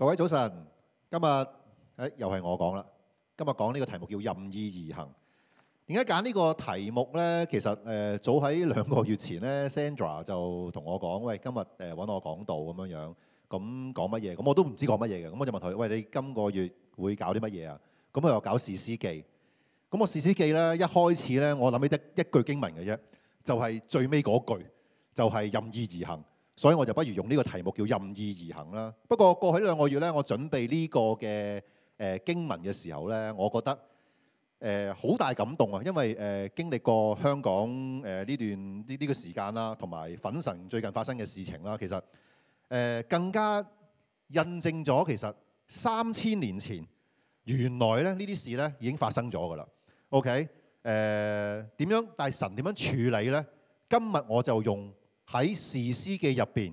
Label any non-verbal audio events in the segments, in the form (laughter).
各位早晨，今日誒又係我講啦。今日講呢個題目叫任意而行。點解揀呢個題目咧？其實誒早喺兩個月前咧，Sandra 就同我講：喂，今日誒揾我講道咁樣樣，咁講乜嘢？咁我都唔知講乜嘢嘅。咁我就問佢：喂，你今個月會搞啲乜嘢啊？咁佢又搞《士師記》。咁我《士師記》咧，一開始咧，我諗起得一句經文嘅啫，就係最尾嗰句，就係任意而行。所以我就不如用呢個題目叫任意而行啦。不過過去呢兩個月咧，我準備呢個嘅誒、呃、經文嘅時候咧，我覺得誒好、呃、大感動啊！因為誒、呃、經歷過香港誒呢、呃、段呢呢、這個時間啦、啊，同埋粉神最近發生嘅事情啦、啊，其實誒、呃、更加印證咗其實三千年前原來咧呢啲事咧已經發生咗噶啦。OK？誒、呃、點樣？但係神點樣處理咧？今日我就用。喺《士師記》入面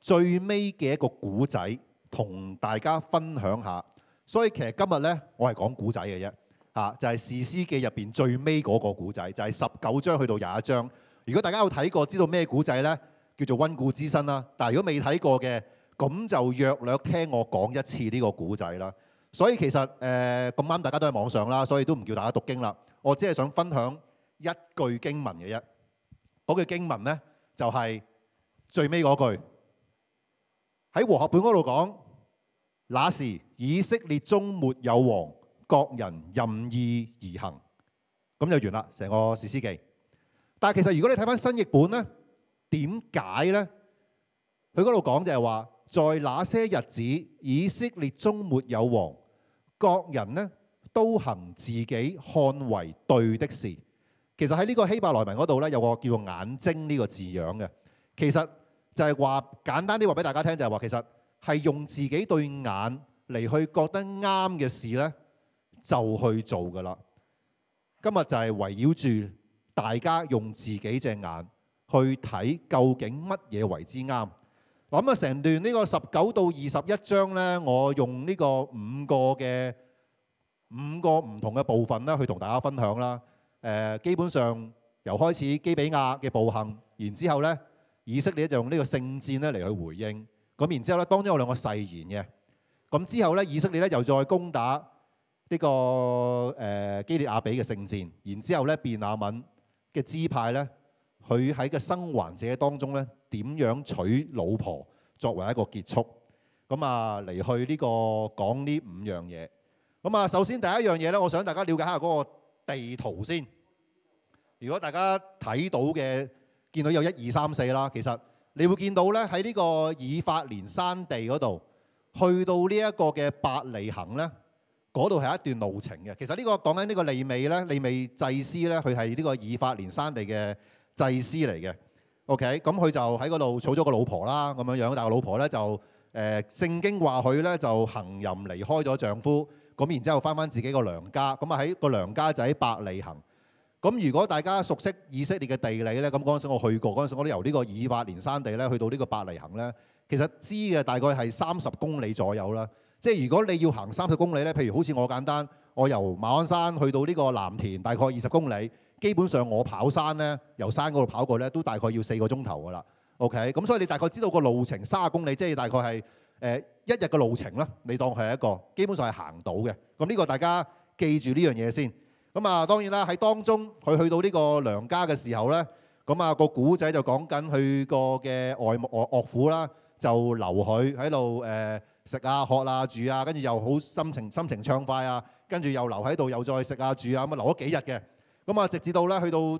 最尾嘅一個古仔，同大家分享一下。所以其實今日呢，我係講古仔嘅啫，吓就係《士師記》入面最尾嗰個古仔，就係十九章去到廿一章。如果大家有睇過，知道咩古仔呢？叫做溫故知新啦。但係如果未睇過嘅，咁就約略聽我講一次呢個古仔啦。所以其實誒咁啱大家都喺網上啦，所以都唔叫大家讀經啦。我只係想分享一句經文嘅啫，嗰句經文呢？就係、是、最尾嗰句，喺和合本嗰度講，那時以色列中沒有王，各人任意而行，咁就完啦，成個士師記。但係其實如果你睇翻新譯本，為什麼呢，點解呢？佢嗰度講就係話，在那些日子，以色列中沒有王，各人呢都行自己看為對的事。其實喺呢個希伯來文嗰度呢，有個叫做眼睛呢個字樣嘅，其實就係話簡單啲話俾大家聽，就係話其實係用自己對眼嚟去覺得啱嘅事呢，就去做噶啦。今日就係圍繞住大家用自己隻眼去睇究竟乜嘢為之啱。咁啊，成段呢個十九到二十一章呢，我用呢個五個嘅五個唔同嘅部分呢，去同大家分享啦。呃，基本上由開始基比亞嘅暴行然之後呢，以色列就用呢個聖戰咧嚟去回應，咁然之後呢當中有兩個誓言嘅，咁之後呢，以色列又再攻打呢個基列亞比嘅聖戰，然之後呢，便雅憫嘅支派呢，佢喺個生還者當中呢點樣娶老婆作為一個結束。咁啊嚟去呢個講呢五樣嘢，咁啊首先第一樣嘢呢,我想大家了解下嗰個。地圖先，如果大家睇到嘅見到有一二三四啦，其實你會見到咧喺呢在這個以法蓮山地嗰度，去到這八呢一個嘅伯利恆咧，嗰度係一段路程嘅。其實呢、這個講緊呢個利未咧，利未祭司咧，佢係呢個以法蓮山地嘅祭司嚟嘅。OK，咁佢就喺嗰度娶咗個老婆啦，咁樣樣，但係老婆咧就誒聖、呃、經話佢咧就行淫離開咗丈夫。咁然之後翻翻自己個娘家，咁啊喺個娘家就喺伯利恆。咁如果大家熟悉以色列嘅地理呢，咁嗰陣時我去過，嗰陣時候我都由呢個以法蓮山地咧去到呢個伯利恆呢，其實知嘅大概係三十公里左右啦。即係如果你要行三十公里呢，譬如好似我簡單，我由馬鞍山去到呢個藍田，大概二十公里，基本上我跑山呢，由山嗰度跑過呢，都大概要四個鐘頭噶啦。OK，咁所以你大概知道個路程三十公里，即係大概係誒。呃一日嘅路程啦，你當佢係一個基本上係行到嘅。咁呢個大家記住呢樣嘢先。咁啊，當然啦，喺當中佢去到呢個娘家嘅時候呢，咁、那、啊個古仔就講緊去個嘅外外岳父啦，就留佢喺度誒食啊、喝啊、住啊，跟住又好心情心情暢快啊，跟住又留喺度，又再食啊、住啊，咁留咗幾日嘅。咁啊，直至到呢去到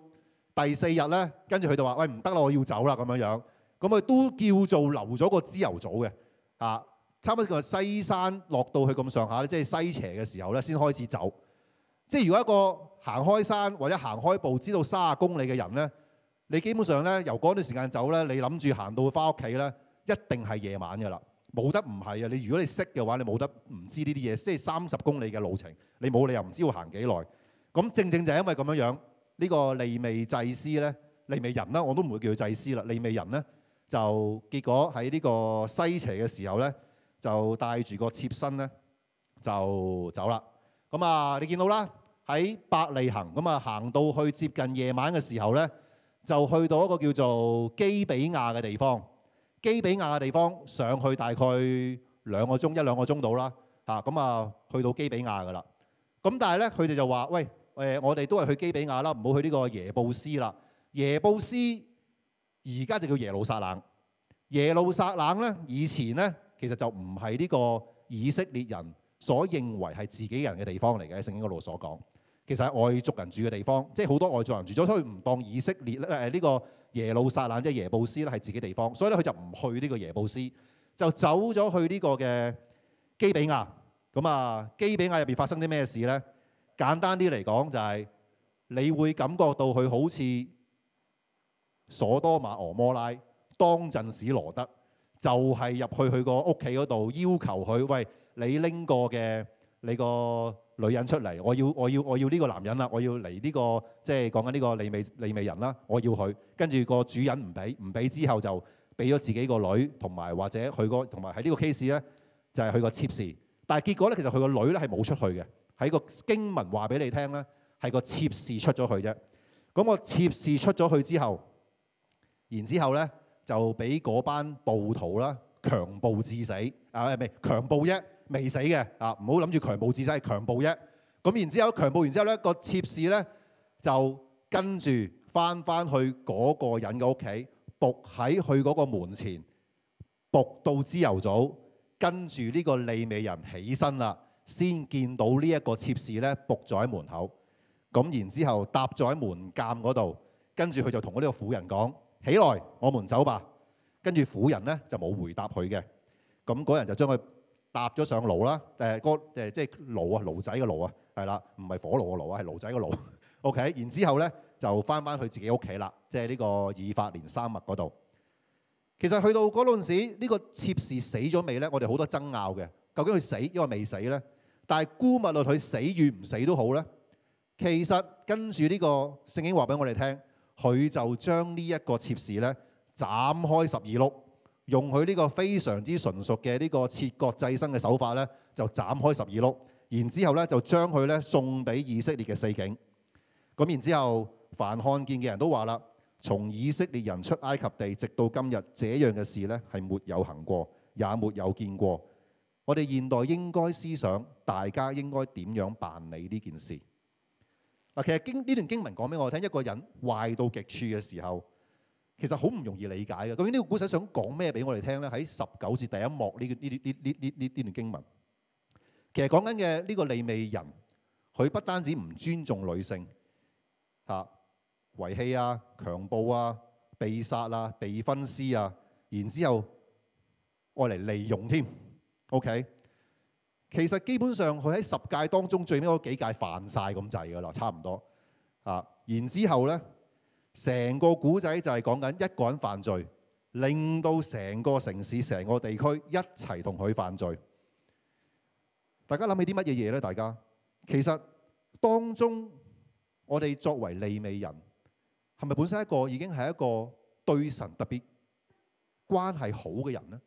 第四日呢，跟住佢就話：喂，唔得啦，我要走啦咁樣樣。咁佢都叫做留咗個知遊組嘅啊。差唔多個西山落到去咁上下咧，即係西斜嘅時候咧，先開始走。即係如果一個行開山或者行開步，知道三十公里嘅人咧，你基本上咧由嗰段時間走咧，你諗住行到翻屋企咧，一定係夜晚嘅啦。冇得唔係啊！你如果你識嘅話，你冇得唔知呢啲嘢。即係三十公里嘅路程，你冇理由唔知要行幾耐。咁正正就係因為咁樣樣，呢、呢個利未祭司咧，利未人呢，我都唔會叫佢祭司啦，利未人咧就結果喺呢個西斜嘅時候咧。就帶住個妾身咧，就走啦。咁啊，你見到啦，喺百利行，咁啊行到去接近夜晚嘅時候咧，就去到一個叫做基比亞嘅地方。基比亞嘅地方上去大概兩個鐘一兩個鐘到啦。吓，咁啊去到基比亞㗎啦。咁但係咧，佢哋就話：喂，誒我哋都係去基比亞啦，唔好去呢個耶布斯啦。耶布斯而家就叫耶路撒冷。耶路撒冷咧，以前咧。其實就唔係呢個以色列人所認為係自己人嘅地方嚟嘅，《聖經》嗰度所講，其實係外族人住嘅地方，即係好多外族人住咗，所以唔當以色列咧呢、呢個耶路撒冷即係耶布斯咧係自己的地方，所以咧佢就唔去呢個耶布斯，就走咗去呢個嘅基比亞。咁啊，基比亞入邊發生啲咩事咧？簡單啲嚟講，就係你會感覺到佢好似所多瑪、俄摩拉、當陣時羅得。就係、是、入去佢個屋企嗰度，要求佢：喂，你拎個嘅你個女人出嚟，我要我要我要呢個男人啦，我要嚟呢、這個即係講緊呢個利未利未人啦，我要佢。跟住個主人唔俾唔俾，之後就俾咗自己個女同埋或者佢個同埋喺呢個 case 咧，就係佢個妾侍。但係結果咧，其實佢個女咧係冇出去嘅，喺個經文話俾你聽咧，係個妾侍出咗去啫。咁個妾侍出咗去之後，然之後咧。就俾嗰班暴徒啦，強暴致死啊！係強暴啫，未死嘅啊！唔好諗住強暴致死，係、啊、強暴啫。咁、啊、然之後強暴完之後咧，個妾侍咧就跟住翻翻去嗰個人嘅屋企，伏喺佢嗰個門前，伏到天由早。跟住呢個利未人起身啦，先見到呢一個妾侍咧伏咗喺門口。咁然之後搭咗喺門檻嗰度，跟住佢就同我呢個婦人講。起來，我們走吧。跟住婦人咧就冇回答佢嘅。咁嗰人就將佢搭咗上爐啦。誒個誒即係爐啊，爐仔嘅爐啊，係啦，唔係火爐個爐啊，係爐仔嘅爐。OK，然之後咧就返返去自己屋企啦，即係呢個以法蓮山地嗰度。其實去到嗰陣時，呢個妾侍死咗未咧？我哋好多爭拗嘅，究竟佢死因為未死咧？但係姑勿論，佢死與唔死都好咧。其實跟住呢個聖經話俾我哋聽。佢就將呢一個妾侍呢斬開十二碌，用佢呢個非常之純熟嘅呢個切割祭牲嘅手法呢，就斬開十二碌，然之後呢，就將佢呢送俾以色列嘅四境。咁然之後，凡看見嘅人都話啦：從以色列人出埃及地，直到今日，這樣嘅事呢係沒有行過，也沒有見過。我哋現代應該思想，大家應該點樣辦理呢件事？嗱，其實經呢段經文講俾我聽，一個人壞到極處嘅時候，其實好唔容易理解嘅。究竟呢個古仔想講咩俾我哋聽咧？喺十九節第一幕呢呢啲呢呢呢呢段經文，其實講緊嘅呢個利未人，佢不單止唔尊重女性，嚇遺棄啊、強暴啊、被殺啊、被分屍啊，然之後愛嚟利用添，OK？其實基本上佢喺十屆當中最尾嗰幾屆犯晒咁滯噶啦，差唔多啊。然之後呢，成個古仔就係講緊一個人犯罪，令到成個城市、成個地區一齊同佢犯罪。大家諗起啲乜嘢嘢呢？大家其實當中我哋作為利未人，係咪本身一個已經係一個對神特別關係好嘅人呢？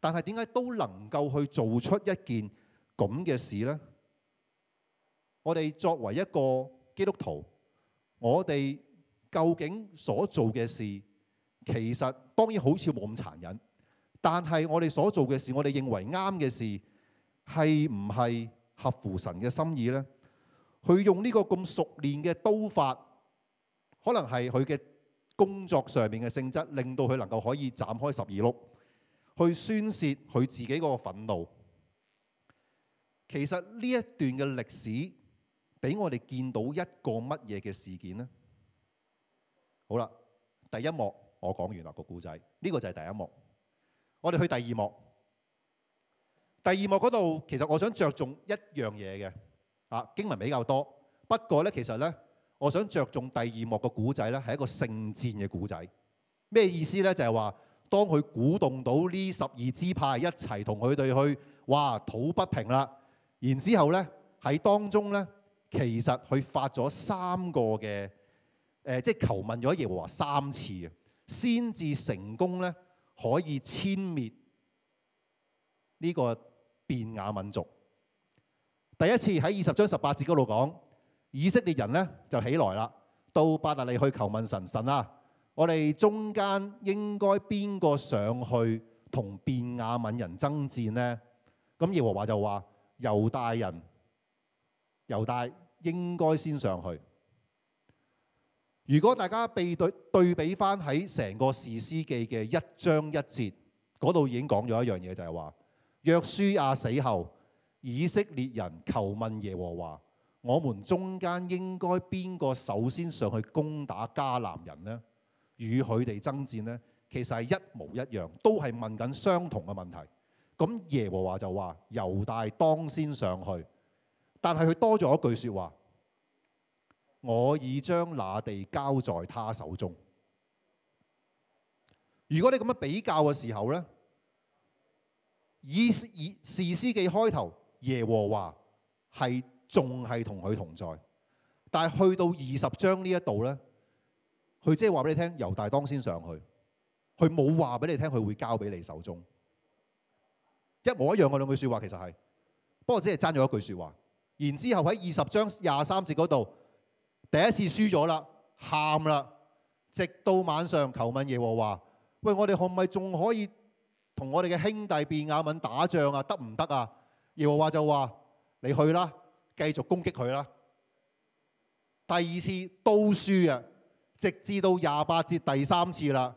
但係點解都能夠去做出一件？咁嘅事呢，我哋作為一個基督徒，我哋究竟所做嘅事，其實當然好似冇咁殘忍，但係我哋所做嘅事，我哋認為啱嘅事，係唔係合乎神嘅心意呢？佢用呢個咁熟練嘅刀法，可能係佢嘅工作上面嘅性質，令到佢能夠可以斬開十二碌，去宣洩佢自己嗰個憤怒。其實呢一段嘅歷史，俾我哋見到一個乜嘢嘅事件呢？好啦，第一幕我講完啦個故仔，呢個就係第一幕。我哋、這個、去第二幕，第二幕嗰度其實我想着重一樣嘢嘅，啊經文比較多。不過呢，其實呢，我想着重第二幕嘅故仔呢，係一個聖戰嘅故仔。咩意思呢？就係、是、話當佢鼓動到呢十二支派一齊同佢哋去，哇土不平啦！然之後咧，喺當中咧，其實佢發咗三個嘅誒、呃，即求問咗耶和華三次啊，先至成功咧，可以殲滅呢個便雅憫族。第一次喺二十章十八節嗰度講，以色列人咧就起來啦，到伯特利去求問神，神啊，我哋中間應該邊個上去同便雅憫人爭戰呢？咁耶和華就話。猶大人、猶大應該先上去。如果大家被對對比翻喺成個士師記嘅一章一節，嗰度已經講咗一樣嘢，就係話約書亞死後，以色列人求問耶和華：我們中間應該邊個首先上去攻打迦南人呢？與佢哋爭戰呢？其實係一模一樣，都係問緊相同嘅問題。咁耶和華就話猶大當先上去，但係佢多咗一句說話：我已將那地交在他手中。如果你咁樣比較嘅時候咧，以以士師記開頭，耶和華係仲係同佢同在，但係去到二十章呢一度咧，佢即係話俾你聽猶大當先上去，佢冇話俾你聽佢會交俾你手中。一模一樣嘅兩句說話，其實係，不過只係爭咗一句說話。然之後喺二十章廿三節嗰度，第一次輸咗啦，喊啦，直到晚上求問耶和華：喂，我哋可唔係仲可以同我哋嘅兄弟便雅憫打仗啊？得唔得啊？耶和華就話：你去啦，繼續攻擊佢啦。第二次都輸啊，直至到廿八節第三次啦，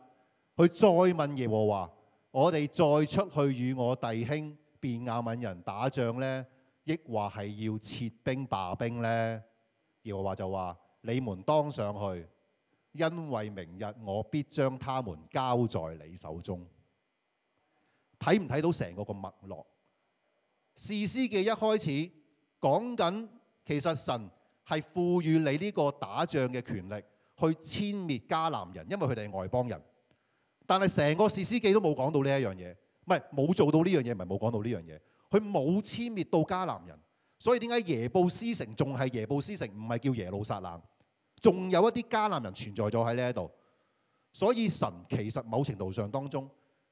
佢再問耶和華。我哋再出去與我弟兄便雅憫人打仗呢，亦話係要撤兵罷兵呢。耶和華就話：你們當上去，因為明日我必將他們交在你手中。睇唔睇到成個個脈絡？士師記一開始講緊，其實神係賦予你呢個打仗嘅權力，去殲滅迦南人，因為佢哋係外邦人。但係成個士師記都冇講到呢一樣嘢，唔係冇做到呢樣嘢，唔係冇講到呢樣嘢。佢冇殲滅到迦南人，所以點解耶布斯城仲係耶布斯城，唔係叫耶路撒冷？仲有一啲迦南人存在咗喺呢一度。所以神其實某程度上當中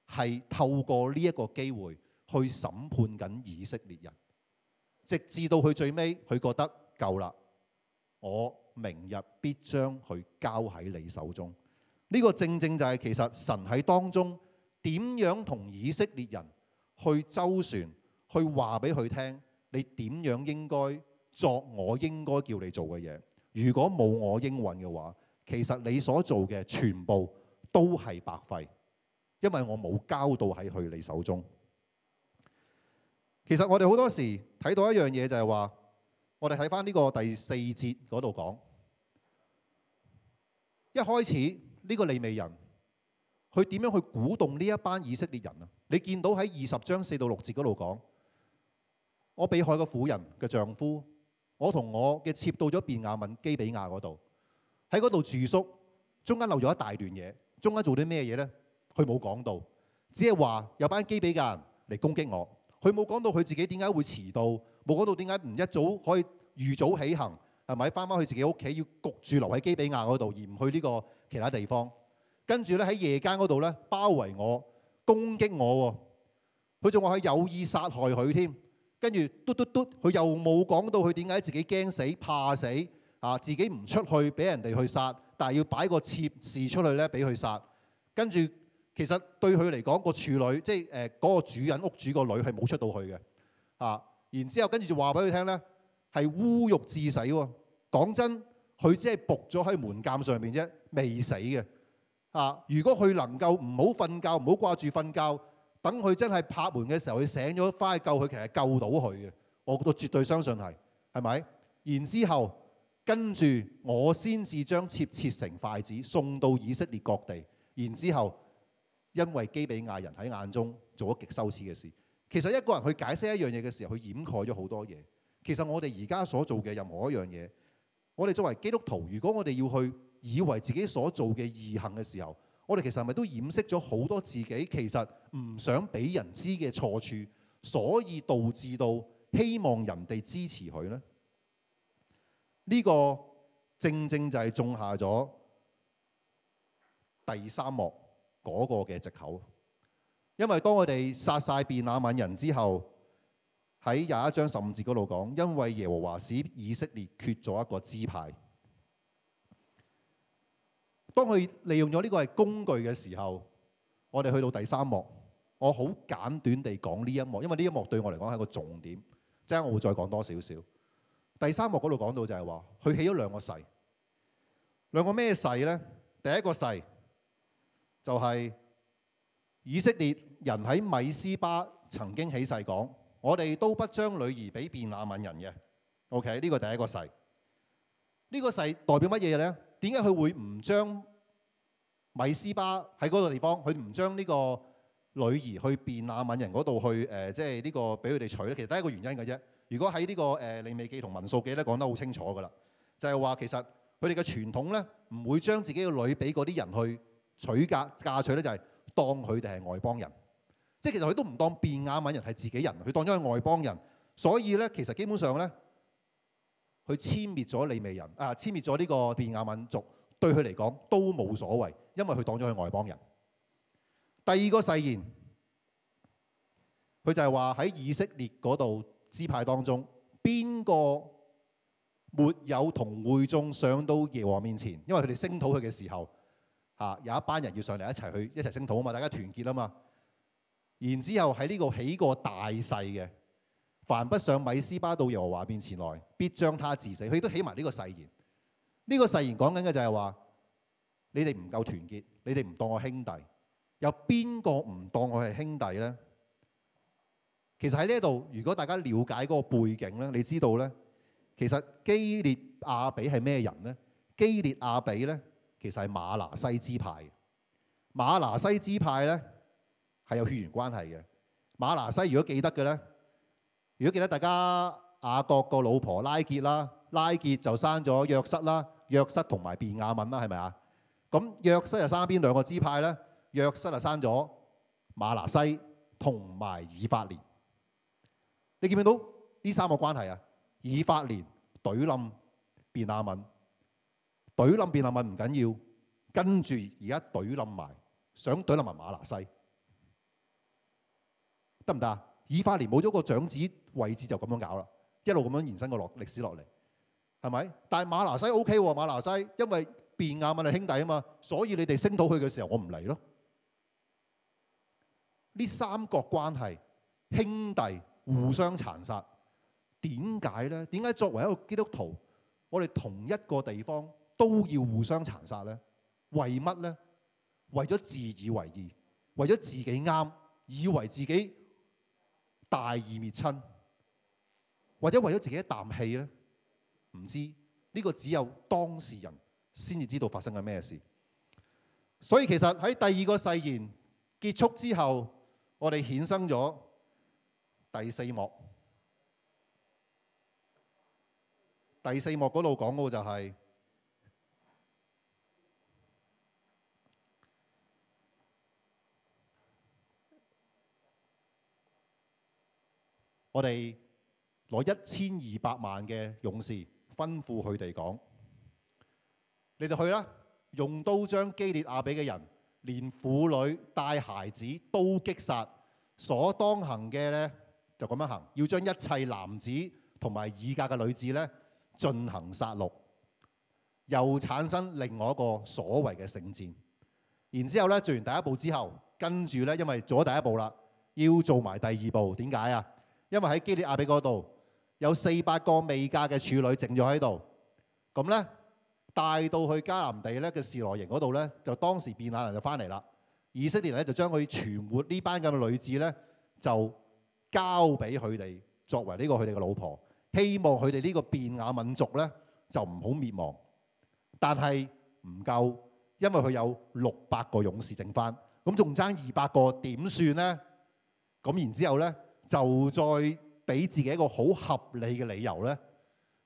係透過呢一個機會去審判緊以色列人，直至到佢最尾，佢覺得夠啦，我明日必將佢交喺你手中。呢個正正就係其實神喺當中點樣同以色列人去周旋，去話俾佢聽，你點樣應該作我應該叫你做嘅嘢。如果冇我應允嘅話，其實你所做嘅全部都係白費，因為我冇交到喺佢你手中。其實我哋好多時睇到一樣嘢就係話，我哋睇翻呢個第四節嗰度講，一開始。呢個利未人，佢點樣去鼓動呢一班以色列人啊？你見到喺二十章四到六節嗰度講，我被害個婦人嘅丈夫，我同我嘅妾到咗便雅憫基比亞嗰度，喺嗰度住宿，中間漏咗一大段嘢，中間做啲咩嘢咧？佢冇講到，只係話有班基比亞人嚟攻擊我，佢冇講到佢自己點解會遲到，冇講到點解唔一早可以預早起行係咪？翻翻去自己屋企要焗住留喺基比亞嗰度，而唔去呢個，其他地方，跟住咧喺夜間嗰度咧包圍我，攻擊我喎，佢仲話，佢有意殺害佢添，跟住嘟嘟嘟，佢又冇講到佢點解自己驚死、怕死啊，自己唔出去俾人哋去殺，但係要擺個妾侍出去咧俾佢殺，跟住其實對佢嚟講個處女，即係誒嗰個主人屋主個女係冇出到去嘅啊，然之後跟住就話俾佢聽咧係侮辱致死喎，講真。佢只係僕咗喺門檻上面啫，未死嘅啊！如果佢能夠唔好瞓覺，唔好掛住瞓覺，等佢真係拍門嘅時候，佢醒咗翻去救佢，其實救到佢嘅，我都絕對相信係，係咪？然之後跟住我先至將切切成筷子送到以色列各地。然之後因為基比亞人喺眼中做咗極羞恥嘅事，其實一個人去解釋一樣嘢嘅時候，佢掩蓋咗好多嘢。其實我哋而家所做嘅任何一樣嘢。我哋作為基督徒，如果我哋要去以為自己所做嘅義行嘅時候，我哋其實係咪都掩飾咗好多自己其實唔想俾人知嘅錯處，所以導致到希望人哋支持佢呢？呢個正正就係種下咗第三幕嗰個嘅藉口，因為當我哋殺晒便雅憫人之後。喺廿一章十五節嗰度講，因為耶和華使以色列缺咗一個支派。當佢利用咗呢個係工具嘅時候，我哋去到第三幕，我好簡短地講呢一幕，因為呢一幕對我嚟講係一個重點，陣間我會再講多少少。第三幕嗰度講到就係話，佢起咗兩個誓，兩個咩誓呢？第一個誓就係以色列人喺米斯巴曾經起誓講。我哋都不將女兒俾便雅憫人嘅，OK 呢個第一個誓。呢、這個誓代表乜嘢咧？點解佢會唔將米斯巴喺嗰個地方，佢唔將呢個女兒去便雅憫人嗰度去誒，即、呃、係、就是這個、呢個俾佢哋娶咧？其實第一個原因嘅啫。如果喺呢、這個誒利未記同民數記咧講得好清楚㗎喇，就係、是、話其實佢哋嘅傳統咧唔會將自己嘅女俾嗰啲人去娶嫁嫁娶咧，就係、是、當佢哋係外邦人。即係其實佢都唔當便雅憫人係自己人，佢當咗係外邦人，所以咧其實基本上咧，佢殲滅咗利未人啊，殲滅咗呢個便雅憫族，對佢嚟講都冇所謂，因為佢當咗佢外邦人。第二個誓言，佢就係話喺以色列嗰度支派當中，邊個沒有同會眾上到耶和華面前？因為佢哋聲討佢嘅時候，嚇、啊、有一班人要上嚟一齊去一齊聲討啊嘛，大家團結啊嘛。然之後喺呢個起過大誓嘅，凡不上米斯巴到耶和華面前來，必將他治死。佢都起埋呢個誓言。呢、呢個誓言講緊嘅就係話，你哋唔夠團結，你哋唔當我兄弟。有邊個唔當我係兄弟呢？其實喺呢度，如果大家了解嗰個背景呢，你知道呢？其實基列亞比係咩人呢？基列亞比呢，其實係馬拿西支派嘅。馬拿西支派呢。」係有血緣關係嘅馬拿西。如果記得嘅咧，如果記得大家雅各個老婆拉結啦，拉結就生咗約瑟啦，約瑟同埋便雅憫啦，係咪啊？咁約瑟又生邊兩個支派咧？約瑟就生咗馬拿西同埋以法蓮。你見唔見到呢三個關係啊？以法蓮隊冧便雅憫，隊冧便雅憫唔緊要，跟住而家隊冧埋，想隊冧埋馬拿西。得唔得啊？以法蓮冇咗個長子位置，就咁樣搞啦，一路咁樣延伸個落歷史落嚟，係咪？但係瑪拿西 O K 喎，瑪拿西因為便雅憫係兄弟啊嘛，所以你哋升到去嘅時候我唔嚟咯。呢三角關係兄弟互相殘殺，點解呢？點解作為一個基督徒，我哋同一個地方都要互相殘殺呢？為乜呢？為咗自以為義，為咗自己啱，以為自己。大義滅親，或者為咗自己一啖氣呢？唔知呢、這個只有當事人先至知道發生緊咩事。所以其實喺第二個誓言結束之後，我哋衍生咗第四幕。第四幕嗰度講嘅就係、是。我哋攞一千二百萬嘅勇士，吩咐佢哋講：你就去啦，用刀將基列亞比嘅人，連婦女帶孩子都擊殺。所當行嘅呢，就咁樣行，要將一切男子同埋已嫁嘅女子呢，進行殺戮，又產生另外一個所謂嘅聖戰。然之後呢，做完第一步之後，跟住呢，因為做咗第一步啦，要做埋第二步，點解啊？因為喺基利亞比嗰度有四百個未嫁嘅處女剩咗喺度，咁咧帶到去迦南地咧嘅示羅營嗰度咧，就當時變雅人就翻嚟啦。以色列人咧就將佢存活呢班咁嘅女子咧，就交俾佢哋作為呢個佢哋嘅老婆，希望佢哋呢個變雅民族咧就唔好滅亡。但係唔夠，因為佢有六百個勇士剩翻，咁仲爭二百個點算咧？咁然之後咧？就再俾自己一個好合理嘅理由呢，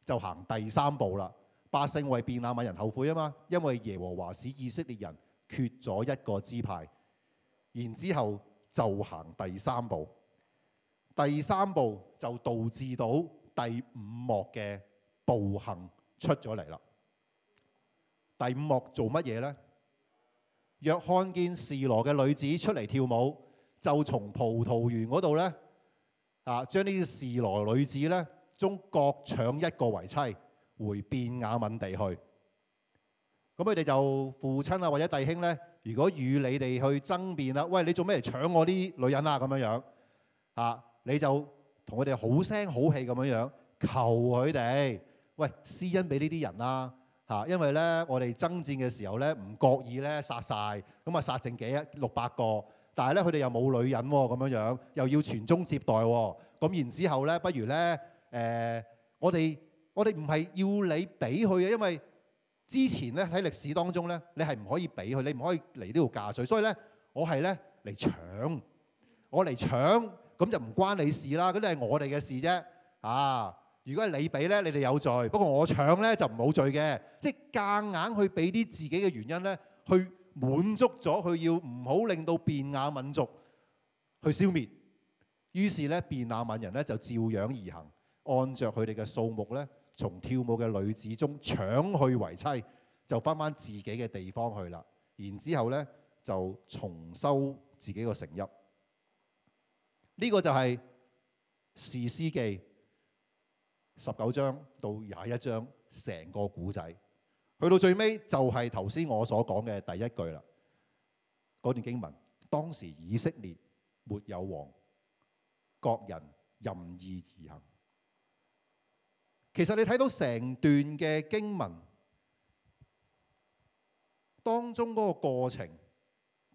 就行第三步啦。百姓為便雅憫人後悔啊嘛，因為耶和華使以色列人缺咗一個支派，然之後就行第三步，第三步就導致到第五幕嘅暴行出咗嚟啦。第五幕做乜嘢呢？若看見示羅嘅女子出嚟跳舞，就從葡萄園嗰度呢。啊！將呢啲士來女子咧，中各搶一個為妻，回便雅敏地去。咁佢哋就父親啊，或者弟兄咧，如果與你哋去爭辯啦，喂，你做咩嚟搶我啲女人啊？咁樣樣啊，你就同佢哋好聲好氣咁樣樣求佢哋，喂，施恩俾呢啲人啦、啊、嚇、啊。因為咧，我哋爭戰嘅時候咧，唔覺意咧殺晒，咁啊殺剩幾啊六百個。但係咧，佢哋又冇女人喎，咁樣樣又要傳宗接代喎，咁然之後咧，不如咧，誒，我哋我哋唔係要你俾佢嘅，因為之前咧喺歷史當中咧，你係唔可以俾佢，你唔可以嚟呢度嫁罪，所以咧，我係咧嚟搶，我嚟搶，咁就唔關你事啦，嗰啲係我哋嘅事啫。啊，如果係你俾咧，你哋有罪，不過我搶咧就唔冇罪嘅，即係夾硬去俾啲自己嘅原因咧去。滿足咗佢要唔好令到便雅憫族去消滅。於是咧，便雅憫人咧就照樣而行，按著佢哋嘅數目咧，從跳舞嘅女子中搶去為妻，就翻翻自己嘅地方去啦。然之後咧就重修自己個城邑。呢、這個就係、是、士師記十九章到廿一章成個故仔。去到最尾就係頭先我所講嘅第一句啦。嗰段經文當時以色列沒有王，各人任意而行。其實你睇到成段嘅經文當中嗰個過程，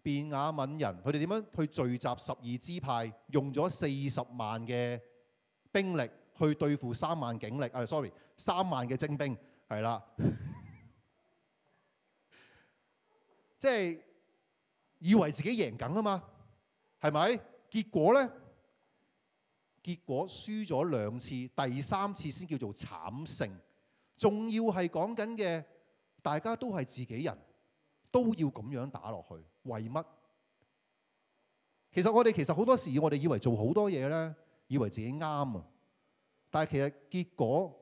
便雅憫人佢哋點樣去聚集十二支派，用咗四十萬嘅兵力去對付三萬警力啊，哎，Sorry，三萬嘅精兵係啦。 (laughs) 即係以為自己贏緊啊嘛，係咪？結果呢？結果輸咗兩次，第三次先叫做慘勝。仲要係講緊嘅，大家都係自己人，都要咁樣打落去。為乜？其實我哋其實好多時，我哋以為做好多嘢呢，以為自己啱啊。但係其實結果，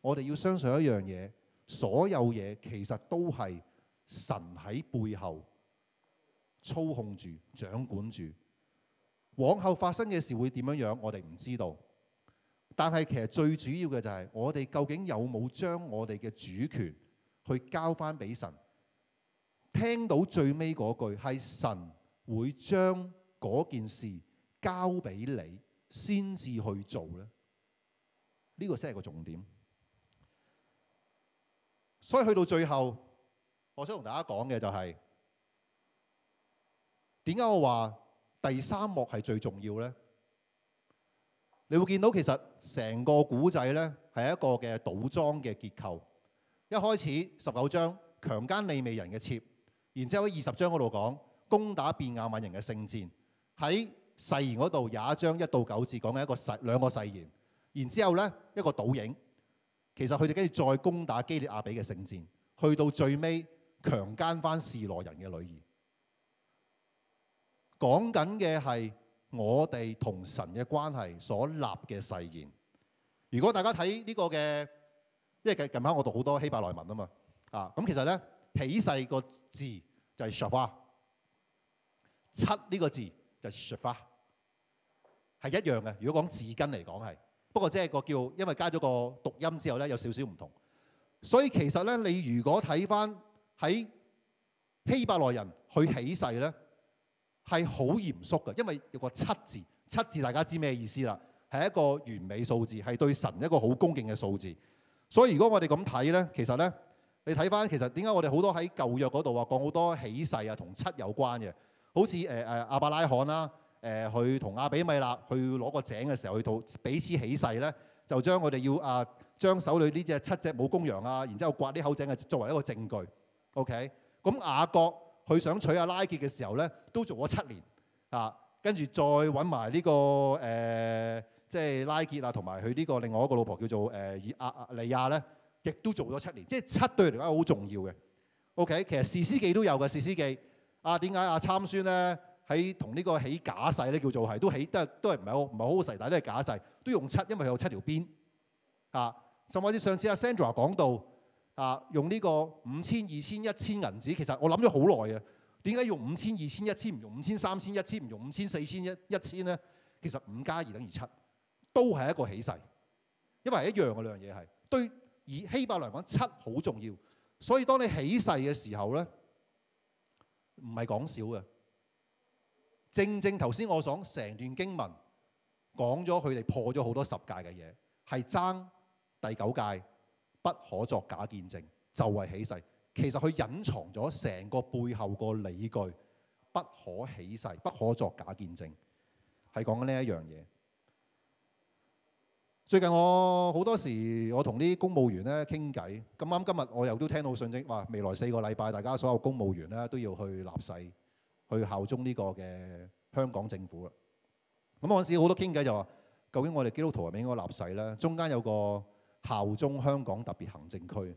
我哋要相信一樣嘢，所有嘢其實都係。神喺背後操控住、掌管住，往後發生嘅事會點樣樣？我哋唔知道，但係其實最主要嘅就係我哋究竟有冇將我哋嘅主權去交翻俾神？聽到最尾嗰句係神會將嗰件事交俾你先至去做呢，這個先係個重點。所以去到最後。我想同大家講嘅就係點解我話第三幕係最重要呢？你會見到其實成個古仔呢係一個嘅倒裝嘅結構。一開始十九章強姦利未人嘅妾，然之後喺二十章嗰度講攻打便雅憫人嘅聖戰，喺誓言嗰度有一章一到九字講緊一個誓兩個誓言，然之後呢，一個倒影。其實佢哋跟住再攻打基列亞比嘅聖戰，去到最尾。強姦翻示羅人嘅女兒，講緊嘅係我哋同神嘅關係所立嘅誓言。如果大家睇呢個嘅，因為近近排我讀好多希伯來文啊嘛，啊咁，其實咧起誓個字就係 shua，七呢個字就係 shua，係一樣嘅。如果講字根嚟講係，不過即係個叫因為加咗個讀音之後咧有少少唔同，所以其實咧你如果睇翻。喺希伯來人去起誓咧係好嚴肅嘅，因為有個七字，七字大家知咩意思啦？係一個完美數字，係對神一個好恭敬嘅數字。所以如果我哋咁睇咧，其實咧你睇翻其實點解我哋好多喺舊約嗰度話講好多起誓啊，同七有關嘅。好似、呃、亞伯拉罕啦、啊，誒佢同阿比米勒去攞個井嘅時候，去同彼此起誓咧，就將我哋要啊將手裏呢隻七隻母公羊啊，然之後刮啲口井嘅作為一個證據。O.K. 咁雅各佢想娶阿拉傑嘅時候咧，都做咗七年啊。跟住再揾埋呢個誒、呃，即係拉傑啊，同埋佢呢個另外一個老婆叫做誒、呃、亞利亞咧，亦都做咗七年。即係七對嚟講好重要嘅。O.K. 其實士師記都有嘅士師記。啊，點解阿參孫咧喺同呢在這個起假誓咧叫做係都起得都係唔係好唔係好好細，但都係假誓，都用七，因為佢有七條邊啊。甚至上次阿 Sandra 講到。啊！用呢個五千、二千、一千銀紙，其實我諗咗好耐啊。點解用五千、二千、一千唔用五千、三千、一千唔用五千、四千、一一千呢？其實五加二等於七，都係一個起誓，因為是一樣嘅兩樣嘢係對以希伯來講七好重要。所以當你起誓嘅時候呢，唔係講少嘅。正正頭先我講成段經文講咗佢哋破咗好多十誡嘅嘢，係爭第九誡。不可作假見證，就係起誓。其實佢隱藏咗成個背後個理據，不可起誓，不可作假見證，係講緊呢一樣嘢。最近我好多時，我同啲公務員咧傾偈。咁啱今日我又都聽到訊息，話未來四個禮拜，大家所有公務員咧都要去立誓，去效忠呢個嘅香港政府啦。咁嗰陣時好多傾偈就話，究竟我哋基督徒係咪應該立誓咧？中間有個。效忠香港特別行政區。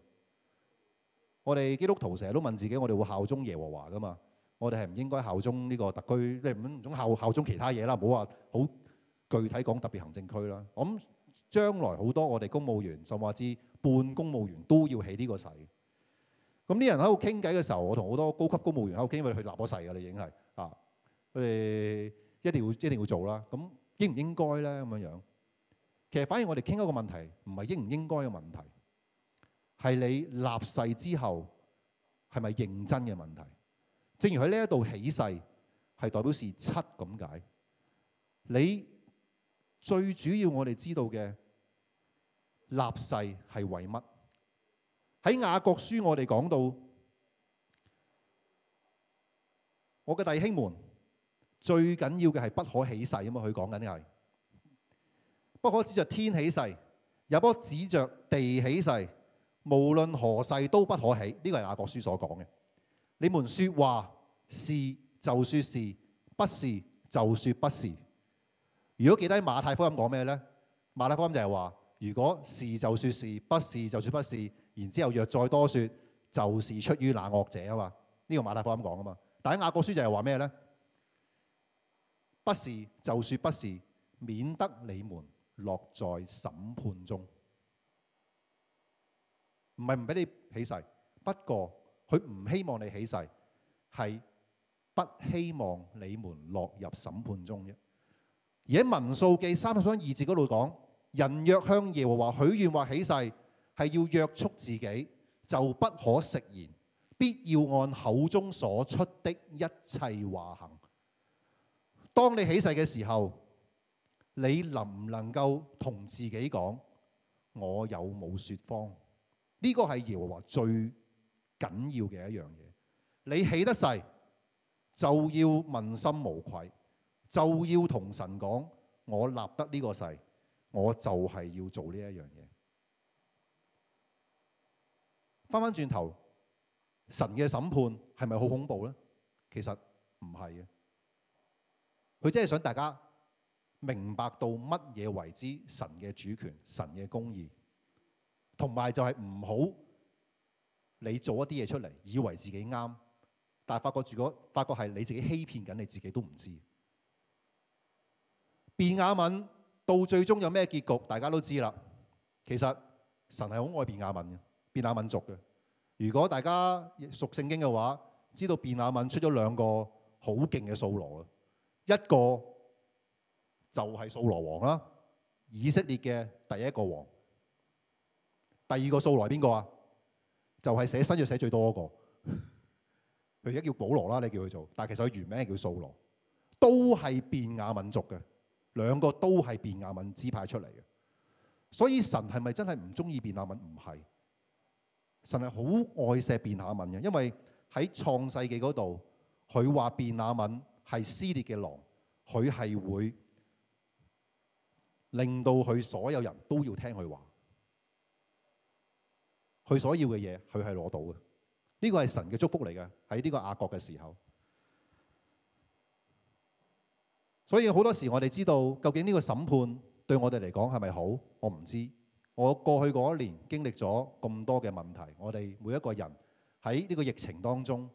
我哋基督徒成日都問自己，我哋會效忠耶和華噶嘛？我哋係唔應該效忠呢個特區？你唔好唔好效效忠其他嘢啦，唔好話好具體講特別行政區啦。我諗將來好多我哋公務員甚至半公務員都要起呢個誓。咁啲人喺度傾偈嘅時候，我同好多高級公務員喺度傾，因為佢立咗誓㗎，喇已經係啊，佢哋一定要一定要做啦。咁應唔應該咧？咁樣樣。其實反而我哋傾一個問題，唔係應唔應該嘅問題，係你立誓之後係咪認真嘅問題？正如喺呢一度起誓係代表是七咁解。你最主要我哋知道嘅立誓係為乜？喺雅各書我哋講到，我嘅弟兄們最緊要嘅係不可起誓啊嘛，佢講緊係。不可指着天起誓，也不可指著地起誓。無論何誓都不可起，呢、這個係雅各書所講嘅。你們説話是就説是，不是就説不是。如果記低馬太福音講咩呢？馬太福音就係話，如果是就説是，不是就説不是。然之後若再多説，就是出於那惡者啊嘛。呢、這個馬太福音講啊嘛。但係雅各書就係話咩呢？「不是就説不是，免得你們。落在審判中，唔係唔俾你起誓，不過佢唔希望你起誓，係不希望你們落入審判中啫。而喺《民數記》三十章二節嗰度講，人若向耶和華許願或起誓，係要約束自己，就不可食言，必要按口中所出的一切話行。當你起誓嘅時候，你能唔能夠同自己講，我有冇説謊？呢、這個係耶和華最緊要嘅一樣嘢。你起得誓，就要問心無愧，就要同神講：我立得呢個誓，我就係要做呢一樣嘢。翻翻轉頭，神嘅審判係咪好恐怖咧？其實唔係嘅，佢真係想大家。明白到乜嘢為之神嘅主權、神嘅公義，同埋就係唔好你做一啲嘢出嚟，以為自己啱，但係發覺住嗰發覺係你自己欺騙緊你自己都唔知。便雅憫到最終有咩結局，大家都知啦。其實神係好愛便雅憫嘅，便雅憫族嘅。如果大家熟聖經嘅話，知道便雅憫出咗兩個好勁嘅掃羅啊，一個。就係、是、掃羅王啦，以色列嘅第一個王，第二個掃羅係邊個啊？就係、是、寫新約寫最多嗰、那個，佢而家叫保羅啦，你叫佢做，但係其實佢原名係叫掃羅，都係變雅民族嘅，兩個都係便雅憫支派出嚟嘅，所以神係咪真係唔中意便雅憫？唔係，神係好愛錫便雅憫嘅，因為喺創世記嗰度，佢話便雅憫係撕裂嘅狼，佢係會。令到佢所有人都要聽佢話，佢所要嘅嘢，佢係攞到嘅。呢個係神嘅祝福嚟嘅。喺呢個亞國嘅時候，所以好多時我哋知道究竟呢個審判對我哋嚟講係咪好？我唔知。我過去嗰一年經歷咗咁多嘅問題，我哋每一個人喺呢個疫情當中，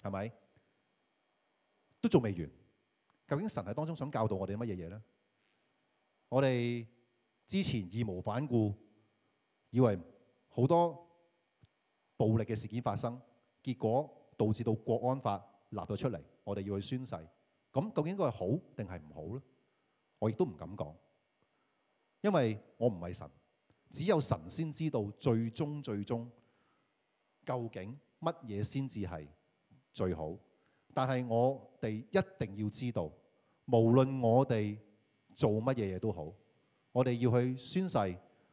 係咪都仲未完？究竟神喺當中想教導我哋乜嘢嘢咧？我哋之前義無反顧，以為好多暴力嘅事件發生，結果導致到國安法立咗出嚟，我哋要去宣誓。咁究竟應該係好定係唔好呢？我亦都唔敢講，因為我唔係神，只有神先知道最終最終究竟乜嘢先至係最好。但係我哋一定要知道，無論我哋。做乜嘢嘢都好，我哋要去宣誓，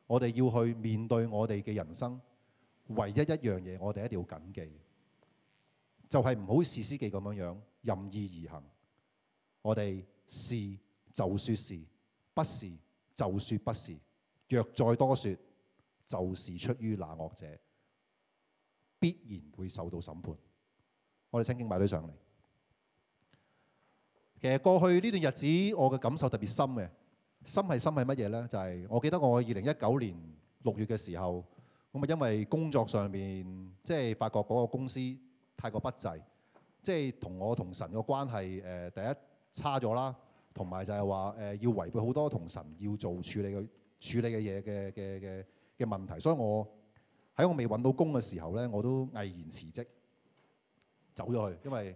我哋要去面對我哋嘅人生。唯一一樣嘢，我哋一定要謹記，就係唔好似士師咁樣樣任意而行。我哋是就說是，不是就說不是。若再多說，就是出於那惡者，必然會受到審判。我哋請敬拜隊上嚟。其實過去呢段日子我嘅感受特別深嘅，深係深係乜嘢呢？就係我記得我二零一九年六月嘅時候，咁啊因為工作上面，即係發覺嗰個公司太過不濟，即係同我同神嘅關係誒第一差咗啦，同埋就係話誒要違背好多同神要做處理嘅處理嘅嘢嘅嘅嘅嘅問題，所以我喺我未揾到工嘅時候呢，我都毅然辭職走咗去，因為。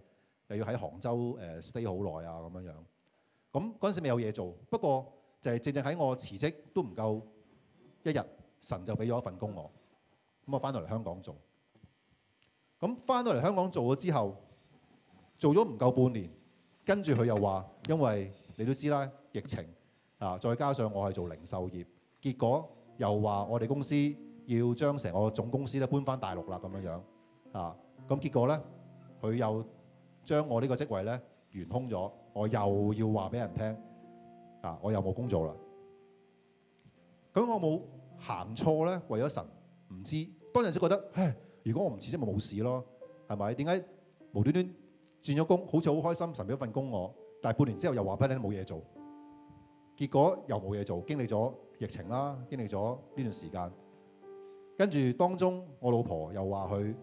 要喺杭州誒、uh, stay 好耐啊，咁樣樣。咁嗰陣時未有嘢做，不過就係、是、正正喺我辭職都唔夠一日，神就俾咗一份工我。咁我翻到嚟香港做。咁翻到嚟香港做咗之後，做咗唔夠半年，跟住佢又話，因為你都知啦，疫情啊，再加上我係做零售業，結果又話我哋公司要將成個總公司咧搬翻大陸啦，咁樣樣啊。咁結果咧，佢又～將我這個職位呢個職位咧懸空咗，我又要話俾人聽啊！我又冇工做啦。咁我冇行錯咧，為咗神唔知。當陣時覺得，唉，如果我唔辭職，咪冇事咯，係咪？點解無端端轉咗工，好似好開心？神俾一份工我，但係半年之後又話俾你冇嘢做，結果又冇嘢做，經歷咗疫情啦，經歷咗呢段時間，跟住當中我老婆又話佢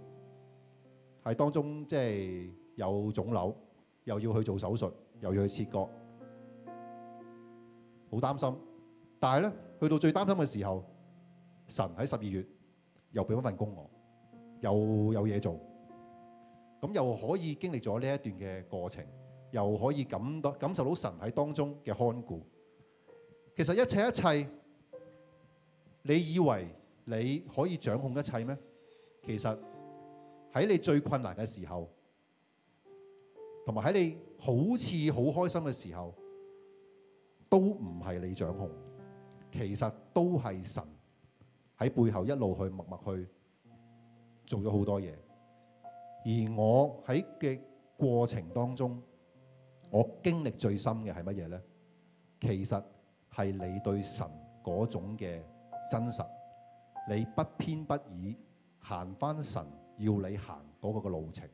係當中即係。就是有腫瘤，又要去做手術，又要去切割，好擔心。但係咧，去到最擔心嘅時候，神喺十二月又俾一份工我，又有嘢做，咁又可以經歷咗呢一段嘅過程，又可以感感受到神喺當中嘅看顧。其實一切一切，你以為你可以掌控一切咩？其實喺你最困難嘅時候。同埋喺你好似好開心嘅時候，都唔係你掌控，其實都係神喺背後一路去默默去做咗好多嘢。而我喺嘅過程當中，我經歷最深嘅係乜嘢呢？其實係你對神嗰種嘅真實，你不偏不倚行返神要你行嗰個嘅路程，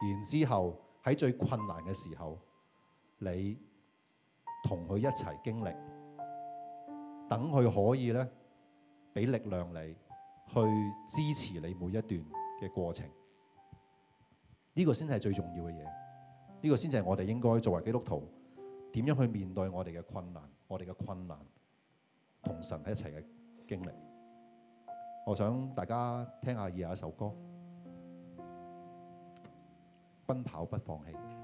然之後。喺最困難嘅時候，你同佢一齊經歷，等佢可以咧俾力量你，去支持你每一段嘅過程。呢個先係最重要嘅嘢，呢個先係我哋應該作為基督徒點樣去面對我哋嘅困難，我哋嘅困難同神一齊嘅經歷。我想大家聽下以下一首歌。奔跑不放棄。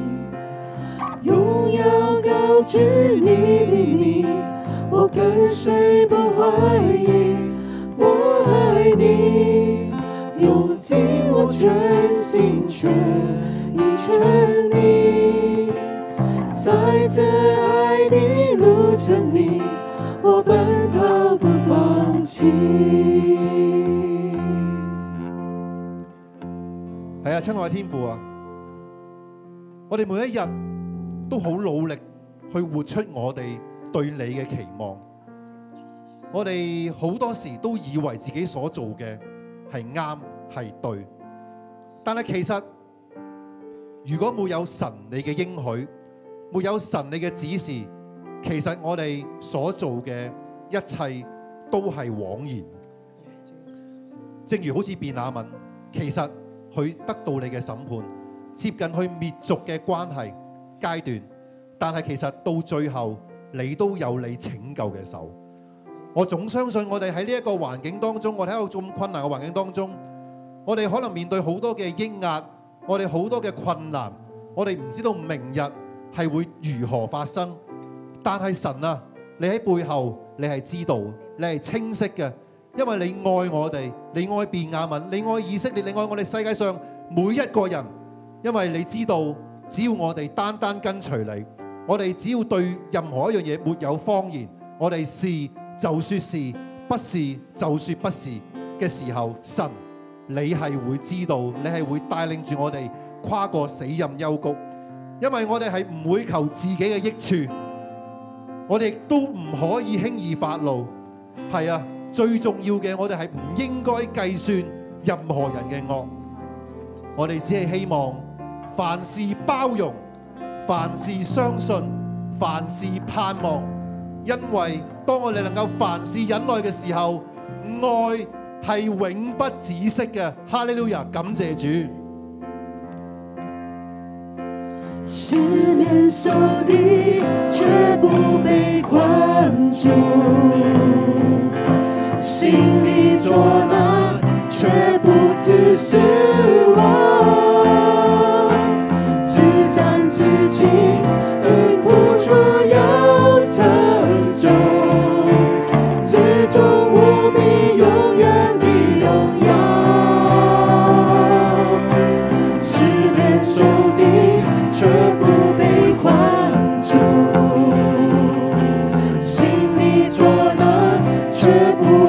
知你的名，我跟隨不懷疑，我愛你，用盡我全心全意全意，在這愛的路上，你我奔跑不放棄。係啊，親愛天父啊，我哋每一日都好努力。去活出我哋對你嘅期望。我哋好多時都以為自己所做嘅係啱係對，但係其實如果沒有神你嘅應許，沒有神你嘅指示，其實我哋所做嘅一切都係枉然。正如好似便雅憫，其實佢得到你嘅審判，接近去滅族嘅關係階段。但係其實到最後，你都有你拯救嘅手。我總相信我哋喺呢一個環境當中，我哋喺一個咁困難嘅環境當中，我哋可能面對好多嘅抑壓，我哋好多嘅困難，我哋唔知道明日係會如何發生。但係神啊，你喺背後，你係知道，你係清晰嘅，因為你愛我哋，你愛便雅憫，你愛以色列，你愛我哋世界上每一個人，因為你知道，只要我哋單單跟隨你。我哋只要對任何一樣嘢，沒有謊言，我哋是就說是，不是就說不是嘅時候，神你係會知道，你係會帶領住我哋跨過死蔭幽谷，因為我哋係唔會求自己嘅益處，我哋都唔可以輕易發怒。係啊，最重要嘅我哋係唔應該計算任何人嘅惡，我哋只係希望凡事包容。凡事相信，凡事盼望，因為當我哋能夠凡事忍耐嘅時候，愛係永不止息嘅。哈利路亞，感謝主。四面受敵，卻不被困住；心裡作難，卻不至失望。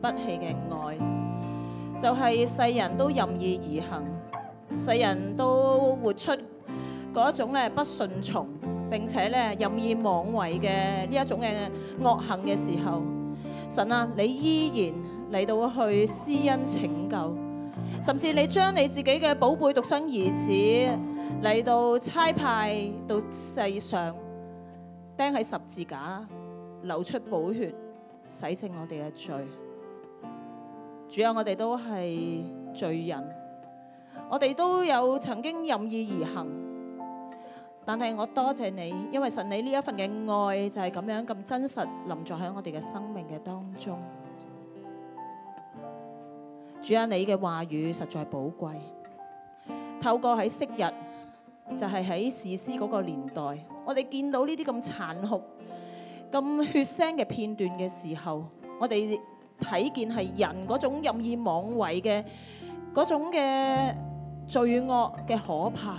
不棄嘅愛，就係、是、世人都任意而行，世人都活出嗰一種咧不順從，並且咧任意妄為嘅呢一種嘅惡行嘅時候，神啊，你依然嚟到去施恩拯救，甚至你將你自己嘅寶貝獨生兒子嚟到差派到世上釘喺十字架，流出寶血洗淨我哋嘅罪。主啊，我哋都係罪人，我哋都有曾經任意而行，但係我多謝你，因為神你呢一份嘅愛就係咁樣咁真實臨在喺我哋嘅生命嘅當中。主啊，你嘅話語實在寶貴，透過喺昔日，就係喺士師嗰個年代，我哋見到呢啲咁殘酷、咁血腥嘅片段嘅時候，我哋，睇見係人嗰種任意妄為嘅嗰種嘅罪惡嘅可怕，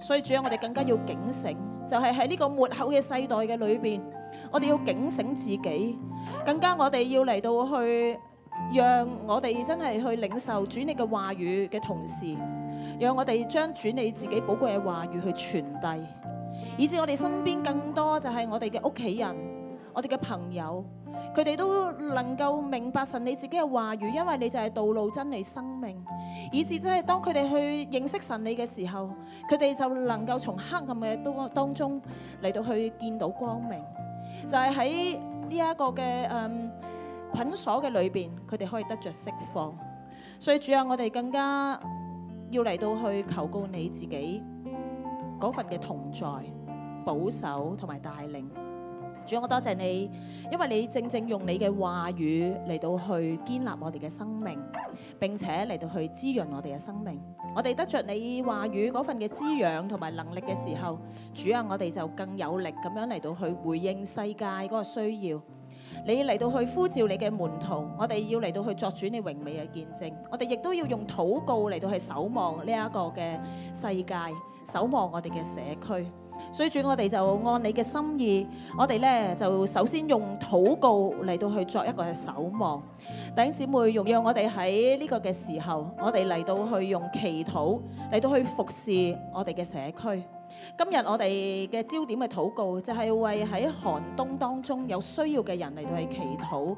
所以主要我哋更加要警醒，就係喺呢個末後嘅世代嘅裏邊，我哋要警醒自己，更加我哋要嚟到去讓我哋真係去領受主你嘅話語嘅同時，讓我哋將主你自己寶貴嘅話語去傳遞，以至我哋身邊更多就係我哋嘅屋企人，我哋嘅朋友。佢哋都能夠明白神你自己嘅話語，因為你就係道路、真理、生命。以至即係當佢哋去認識神你嘅時候，佢哋就能夠從黑暗嘅度當中嚟到去見到光明。就係喺呢一個嘅嗯捆鎖嘅裏邊，佢哋可以得着釋放。所以主要我哋更加要嚟到去求告你自己嗰份嘅同在、保守同埋帶領。主，我多謝你，因為你正正用你嘅話語嚟到去建立我哋嘅生命，並且嚟到去滋潤我哋嘅生命。我哋得著你話語嗰份嘅滋養同埋能力嘅時候，主啊，我哋就更有力咁樣嚟到去回應世界嗰個需要。你嚟到去呼召你嘅門徒，我哋要嚟到去作主你榮美嘅見證。我哋亦都要用禱告嚟到去守望呢一個嘅世界，守望我哋嘅社區。所以主，我哋就按你嘅心意，我哋咧就首先用禱告嚟到去作一個嘅守望。弟兄姊妹，讓我哋喺呢個嘅時候，我哋嚟到去用祈禱嚟到去服侍我哋嘅社區。今日我哋嘅焦點嘅禱告就係為喺寒冬當中有需要嘅人嚟到去祈禱。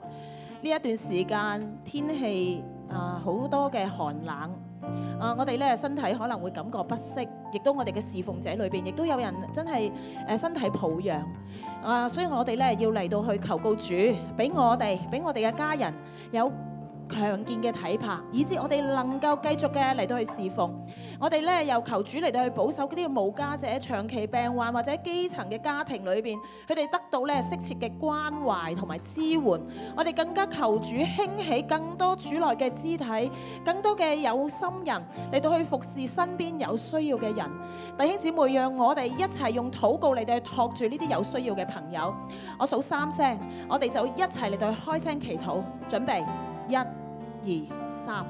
呢一段時間天氣啊，好多嘅寒冷。啊！我哋咧身體可能會感覺不適，亦都我哋嘅侍奉者裏邊，亦都有人真係誒身體抱恙啊！所以我哋咧要嚟到去求告主，俾我哋，俾我哋嘅家人有。強健嘅體魄，以致我哋能夠繼續嘅嚟到去侍奉。我哋咧又求主嚟到去保守啲無家者、長期病患或者基層嘅家庭裏邊，佢哋得到咧適切嘅關懷同埋支援。我哋更加求主興起更多主內嘅肢體，更多嘅有心人嚟到去服侍身邊有需要嘅人。弟兄姊妹，讓我哋一齊用禱告嚟到去托住呢啲有需要嘅朋友。我數三聲，我哋就一齊嚟到去開聲祈禱。準備一。二三，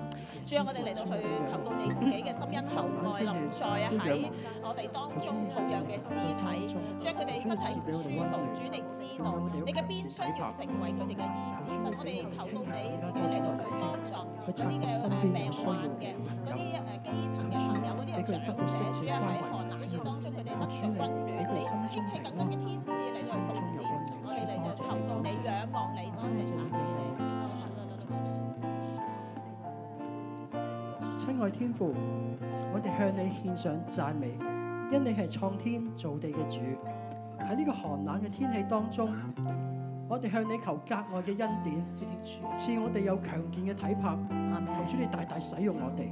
主要我哋嚟到去求告你自己嘅心，求愛臨在喺我哋當中，同樣嘅身體，將佢哋身體舒服，主你知道，你嘅鞭傷要成為佢哋嘅醫治。我哋求告你自己嚟到去幫助嗰啲嘅病患嘅嗰啲誒基層嘅朋友，嗰啲嘅長者主要係喺寒冷當中佢哋得咗溫暖，你傾起更多嘅天使。心中有安寧。我哋嚟到求告你，仰望你，多謝晒你。親愛天父，我哋向你獻上讚美，因你係創天造地嘅主。喺呢個寒冷嘅天氣當中，我哋向你求格外嘅恩典，賜我哋有強健嘅體魄，啊。求主你大大使用我哋，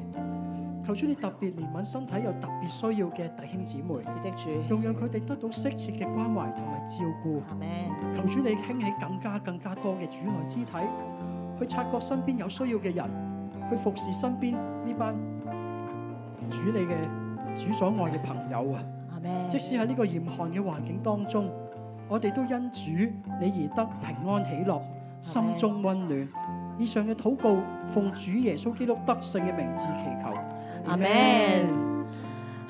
求主你特別憐憫身體有特別需要嘅弟兄姊妹。用讓佢哋得到適切嘅關懷同埋照顧，啊。求主你興起更加更加多嘅主內肢體，去察覺身邊有需要嘅人。去服侍身邊呢班主你嘅主所愛嘅朋友啊！即使喺呢個嚴寒嘅環境當中，我哋都因主你而得平安喜樂，心中溫暖。以上嘅禱告，奉主耶穌基督得勝嘅名字祈求。阿門。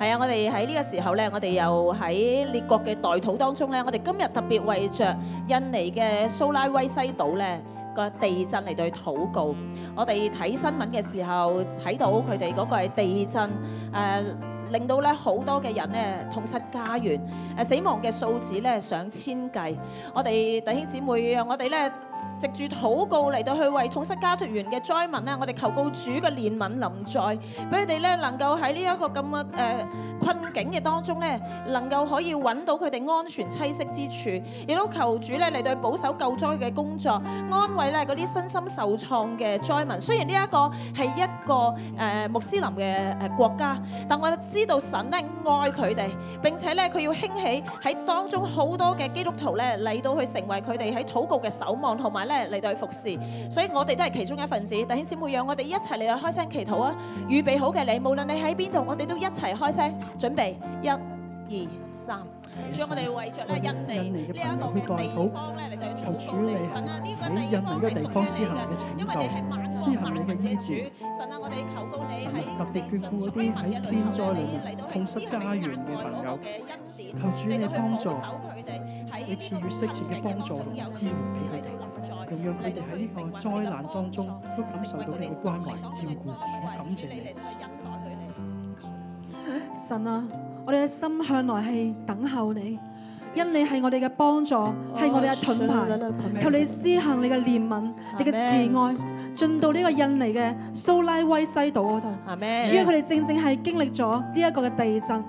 係啊，我哋喺呢個時候咧，我哋又喺列國嘅代禱當中咧，我哋今日特別為著印尼嘅蘇拉威西島咧。個地震嚟對禱告，我哋睇新聞嘅時候睇到佢哋嗰個係地震誒、呃。令到咧好多嘅人咧痛失家園，誒死亡嘅數字咧上千計。我哋弟兄姊妹啊，我哋咧藉住禱告嚟到去為痛失家園嘅災民咧，我哋求告主嘅憐憫臨在，俾佢哋咧能夠喺呢一個咁嘅誒困境嘅當中咧，能夠可以揾到佢哋安全棲息之處，亦都求主咧嚟到保守救災嘅工作，安慰咧嗰啲身心受創嘅災民。雖然呢一個係一個誒穆斯林嘅誒國家，但我哋知。知道神咧愛佢哋，並且咧佢要興起喺當中好多嘅基督徒咧嚟到去成為佢哋喺禱告嘅守望，同埋咧嚟到去服侍。所以我哋都係其中一份子。弟兄姊妹，讓我哋一齊嚟到開聲祈禱啊！預備好嘅你，無論你喺邊度，我哋都一齊開聲準備一。二三，所以我哋為著印尼嘅朋友去代禱，求主你喺印尼嘅地方施行你嘅醫治。神啊！呢個地方係屬於你嘅，因為你係萬物萬主。神啊，我哋求告你，神係特別眷顧嗰啲喺天災裏面痛失家園嘅朋友，求主你嘅幫助，你賜予適時嘅幫助同資源俾佢哋，用讓佢哋喺呢個災難當中都感受到你嘅關懷、照顧與感謝你。神啊！我哋嘅心向來係等候你，因你係我哋嘅幫助，係我哋嘅盾牌。求你施行你嘅憐憫，你嘅慈愛，進到呢個印尼嘅蘇拉威西島嗰度。主要佢哋正正係經歷咗呢一個嘅地震，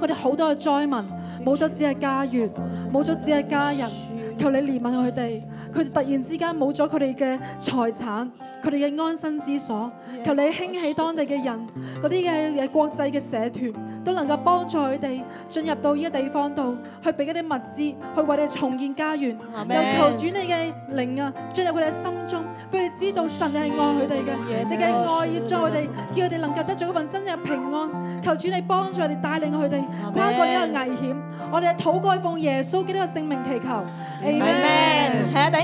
佢哋好多嘅災民，冇咗只係家園，冇咗只係家人。求你憐憫佢哋。佢哋突然之間冇咗佢哋嘅財產，佢哋嘅安身之所。求你興起當地嘅人，嗰啲嘅嘢國際嘅社團，都能夠幫助佢哋進入到呢個地方度，去俾一啲物資，去為佢哋重建家園。又求主你嘅靈啊，進入佢哋嘅心中，俾佢哋知道神係愛佢哋嘅，你嘅愛要在我哋，叫佢哋能夠得咗一份真正平安。求主你幫助佢哋，帶領佢哋，跨過呢個危險。我哋嘅禱告奉耶穌基督嘅聖名祈求，Amen。係啊，第。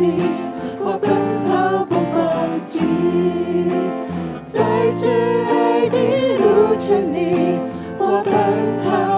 你，我奔跑不放棄，在這愛的路程裏，我奔跑。